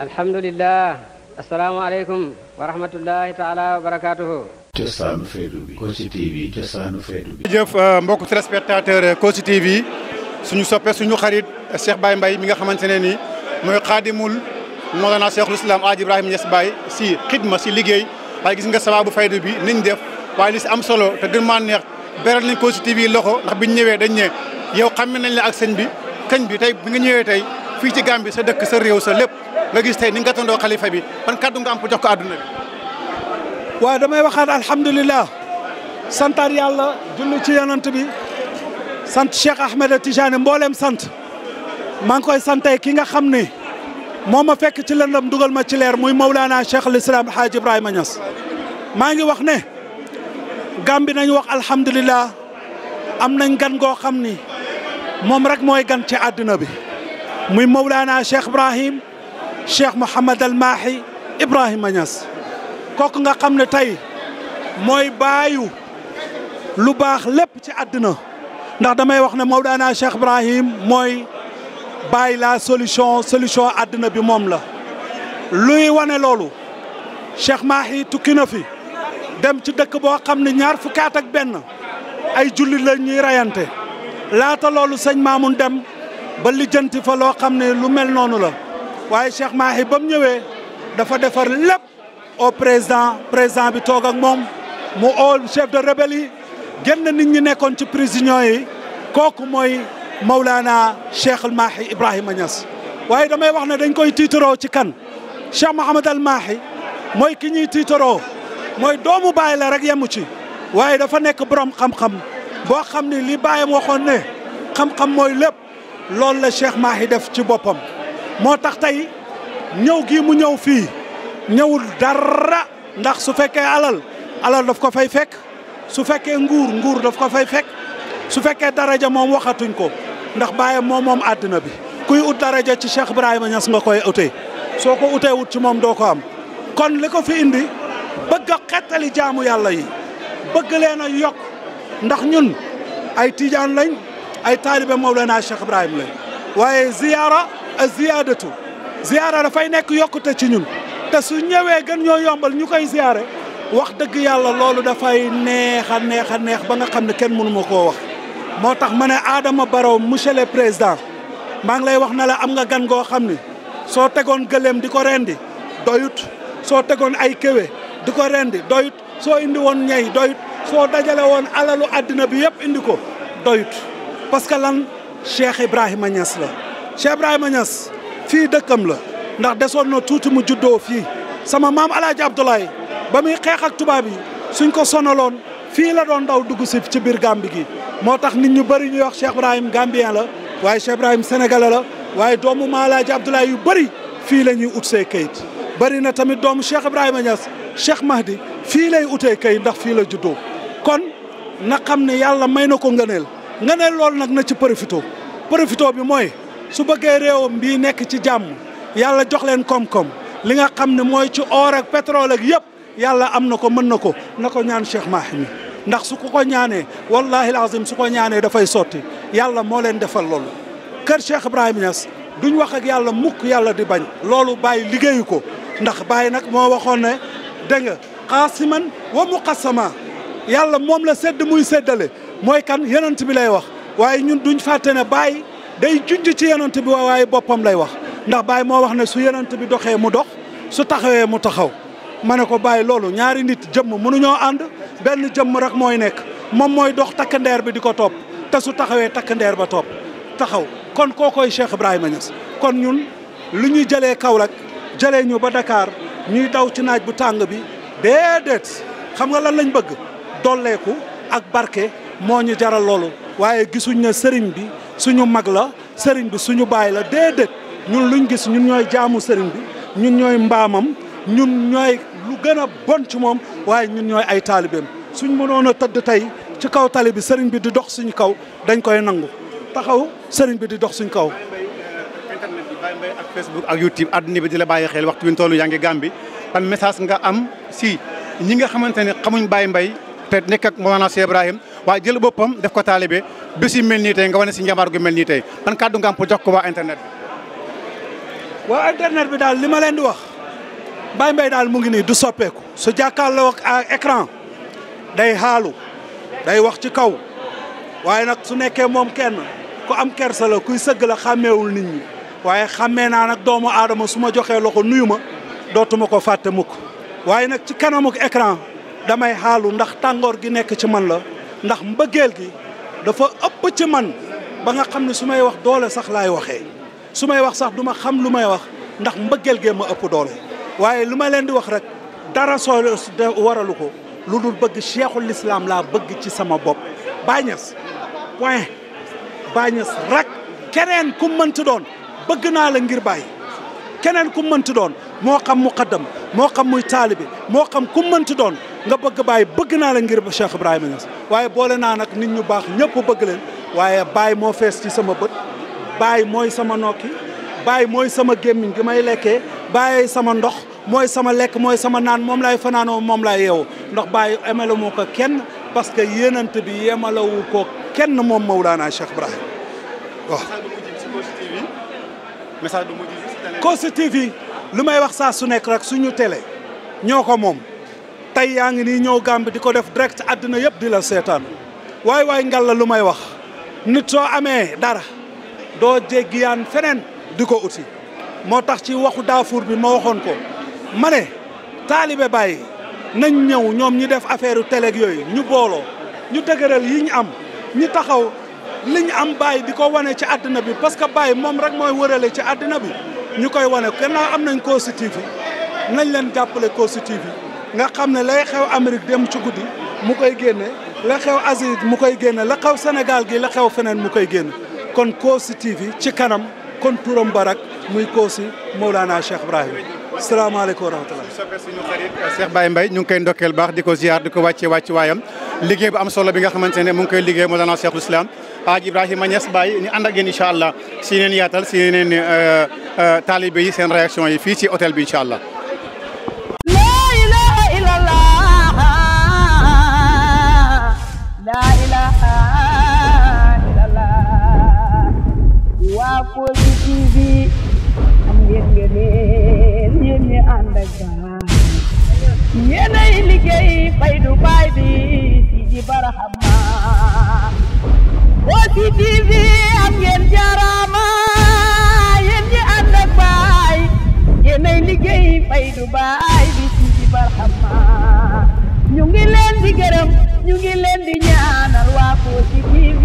alhamdulilah asalaamaaleykum wa rahmatullahi taala wa barakaatuhu cosaanu feetu bi Kossy TV cosaanu feetu bi euh, mbokk téléspectateur euh, Kossy TV suñu soppe suñu xarit euh, Cheikh baay Mbaye mi nga xamante ne nii mooy na Mawlana Cheikhul Islam Aji Ibrahima baay Baye si xidma si liggéey waaye gis nga sababu faydu bi niñ def waaye li si am solo te gën maa neex beral nañ Kossy TV loxo ndax biñ ñëwee dañ ne yow xam nañ la ak sëñ bi kañ bi tey bi nga ñëwee tey fii ci Gambie sa dëkk sa réew sa lépp nga gis tey ni nga tondoo xalifa bi ban kàddu nga am pour jox ko àdduna bi. waaw damay waxaat alhamdulilah santaat yàlla julli ci yonant bi sant Cheikh Ahmed Tidiane mboolem sant maa ngi koy santee ki nga xam ne moom ma fekk ci lëndam dugal ma ci leer muy Mawlana Cheikh al Islam Haaj Ibrahima Niass maa ngi wax ne Gàmbi nañu wax alhamdulilah am nañ gan goo xam ni moom rek mooy gan ci àdduna bi muy Mawlana Cheikh Ibrahim Cheikh Mouhamad al Mahi Ibrahima Niass kooku nga xam ne tey mooy baayu lu baax lépp ci àddina ndax damay wax ne Mawlana Cheikh Ibrahim mooy bàyyi la solution solution àddina bi moom la luy wane loolu Cheikh Mahi tukki fi dem ci dëkk boo xam ñaar fukkaat ak benn ay jullit la ñuy rayante laata loolu sëñ Maamun dem ba lijeenti fa lo xamne lu mel nonu la waye Cheikh Mahi bam ñewé dafa defar lépp au président président bi tok ak mom mu ol chef de rebelle génn nit ñi nekkon ci prisonniers yi koku moy Maulana Cheikh Mahi ibrahim Niass. waye damay wax ne dañ koy tiitaroo ci kan Cheikh mohammed al Mahi moy ki ñi tiitaroo moy doomu baye la rek yemu ci waye dafa nekk borom xam-xam bo xamni li baayam waxoon ne xam-xam moy lépp. loolu la Cheikh Mahi def ci boppam moo tax tey ñëw gii mu ñëw fii ñëwul dara ndax su fekkee alal alal daf ko fay fekk su fekkee nguur nguur daf ko fay fekk su fekkee daraja moom waxatuñ ko ndax bàyyam moo moom àddina bi kuy ut daraja ci Cheikh Ibrahima Niass nga koy utee soo ko utee wut ci moom doo ko am kon li ko fi indi bëgg a xettali jaamu yàlla yi bëgg leen yokk ndax ñun ay tijaan lañ أي طالب مولانا الشيخ إبراهيم لي واي زيارة زيادته زيارة رفينك يوكو تشنون تسوني ويغن يو يومبل نيوكاي زيارة وقت دغ يالله لولو دافاي نيه نيه نيه باغا خامن كين مونو مكو واخ موتاخ من ادم بارو موشي لي بريزيدان ماغ لاي واخ نالا امغا غان غو خامن سو تيغون گلم ديكو ريندي دويوت سو تيغون اي كيوي ديكو ريندي دويوت سو اندي وون ناي دويوت سو داجالي وون علالو ادنا بي ييب انديكو دويوت parce que lan Cheikh Ibrahima Niass la Cheikh Ibrahima Niass fii dëkkam la ndax desoon na tuuti mu juddoo fii sama maam El Hadj ba muy xeex ak tubaab yi suñ ko sonaloon fii la doon ndaw dugg si ci biir Gàmbi gi moo tax nit ñu bari ñuy wax Cheikh Ibrahima Gambien la waaye Cheikh Ibrahima sénégalais la waaye doomu maam El Hadj Abdoulaye yu bëri fii la ñuy ut see kayit. bëri na tamit doomu Cheikh Ibrahima Niass Cheikh Mahdi fii lay utee kayit ndax fii la juddoo kon na xam ne yàlla may na ko ngëneel. nga ne loolu nag na ci profité profité bi mooy su bëggee réewam bii nekk ci jàmm yàlla jox leen koom li nga xam ne mooy ci oorak ak pétrole ak yëpp yàlla am na ko mën na ko na ko ñaan Cheikh Mahi ndax su ko ko ñaanee wallahi alazim su ko ñaanee dafay sotti yàlla moo leen defal loolu kër Cheikh Ibrahima Niass duñ wax ak yàlla mukk yàlla di bañ loolu bàyyi liggéeyu ko ndax bàyyi nag moo waxoon ne dégg nga xaasiman wa muqassama yàlla moom la sedd muy seddale mooy kan yonent bi lay wax waaye ñun duñ fàtte ne bàyyi day junj ci yonent bi waaye boppam lay wax ndax Baye moo wax ne su yonent bi doxee mu dox su taxawee mu taxaw ma ne ko bàyyi loolu ñaari nit jëmm mënuñoo ànd benn jëmm rek mooy nekk moom mooy dox takkandeer ndeer bi di ko topp te su taxawee takkandeer ba topp taxaw kon koo kookoy Cheikh Ibrahima Niass kon ñun lu ñuy jëlee Kaolack jëlee ñu ba Dakar ñuy daw ci naaj bu tàng bi déedéet xam nga lan lañ bëgg dolleeku ak barke moo ñu jaral loolu waaye gisuñ ne sëriñ bi suñu mag la sëriñ bi suñu baay la déedéet ñun luñ gis ñun ñooy jaamu sëriñ bi ñun ñooy mbaamam ñun ñooy lu gën a bon ci moom waaye ñun ñooy ay taalibeem suñ mënoon a tëdd tey ci kaw tali bi sëriñ bi di dox suñu kaw dañ koy nangu taxaw sëriñ bi di dox suñu kaw. internet bi Baye ak Facebook ak YouTube àdduna bi di la bàyyi xel waxtu bi ñu toll yaa ngi bi ban message nga am si ñi nga xamante ne xamuñ Baye mbay respect nekk ak Mawlana Cheikh Ibrahim waaye jël boppam def ko taalibe bés yu mel nii tey nga wane si njambaar gu mel nii tey ban kàddu nga am pour ko waa internet bi. waa internet bi daal li ma leen di wax Baye Mbaye daal mu ngi nii du soppeeku su jàkkaarloo ak écran day xaalu day wax ci kaw waaye nag su nekkee moom kenn ku am kersa kuy sëgg la xàmmeewul nit ñi waaye xàmmee naa nag doomu aadama su ma joxee loxo nuyu ma dootuma ko fàtte mukk waaye nag ci kanamuk écran damay xaalu ndax tàngoor gi nekk ci man la ndax mbëggeel gi dafa ëpp ci man ba nga xam ne su may wax doole sax laay waxee su may wax sax duma xam lu may wax ndax mbëggeel gee ma ëpp doole waaye lu ma leen di wax rek dara soo waralu ko lu dul bëgg cheikhul islam laa bëgg ci sama bopp Bañes point Bañes rek keneen ku mënti doon bëgg naa la ngir bàyyi keneen ku mënti doon moo xam muqaddam moo xam muy taalibi moo xam ku mënti doon nga bëgg Baye bëgg naa la ngir Cheikh Ibrahima Niass waaye boole naa nag nit ñu baax ñëpp bëgg leen waaye baay moo fees ci sama bët Baye mooy sama nokki Baye mooy sama gémmiñ gi may lekkee Baye sama ndox mooy sama lekk mooy sama naan moom lay fanaanoo moom laay yeewoo ndax Baye emale moo ko kenn parce que yéenant bi yemalewu ko kenn moom Mawlana Cheikh Ibrahima waaw. message bi Kossy lu may wax saa su nekk rek suñu télé ñoo ko moom. tey yaa ngi ni ñëw Gàmbi di ko def direct àddina yëpp di la seetaan waay waay ngalla lu may wax nu soo amee dara doo jéggiyaan feneen di ko uti moo tax ci waxu daafuur bi ma waxoon ko ma ne taalibe bàyyi nañ ñëw ñoom ñi def affaire teleeg yooyu ñu booloo ñu dëgëral yi ñu am ñi taxaw li ñu am bàyyi di ko wane ci àddina bi parce que bàyyi moom rek mooy wërale ci àddina bi ñu koy wane gannaaw am nañ Kossy TV nañ leen jàppale Kossy TV nga xamne lay xew Amérique dem ci goudi mu koy génne la xew Asie mu koy génne la xew Sénégal gi la xew fenen mu koy génne kon Kossy TV ci kanam kon turam barak muy Kossy Mawlana Cheikh ibrahim assalamu alaykum wa rahmatullah Cheikh Baye mbay ñu koy ndokkeel bax diko ziar diko ko wàccee wàcc waayam liggéey bu am solo bi nga xamantene mu koy liggey Mawlana cheikh Islam Haaj ibrahim Niass Baye ñu ànd ak yéen inshallah si neen yaatal si neen taalibe yi seen réaction yi fi ci hôtel bi inshallah Kossy TV am ngeen ngeen yéen ñi ànd ak gaal yéenay liggéey fay du baay bi Sidi Barhama Kossy TV am ngeen jaaraama yéen ñi ànd ak baay yéenay liggéey fay du baay bi Sidi Barhama ñu ngi leen di gërëm ñu leen di ñaanal waa Kossy TV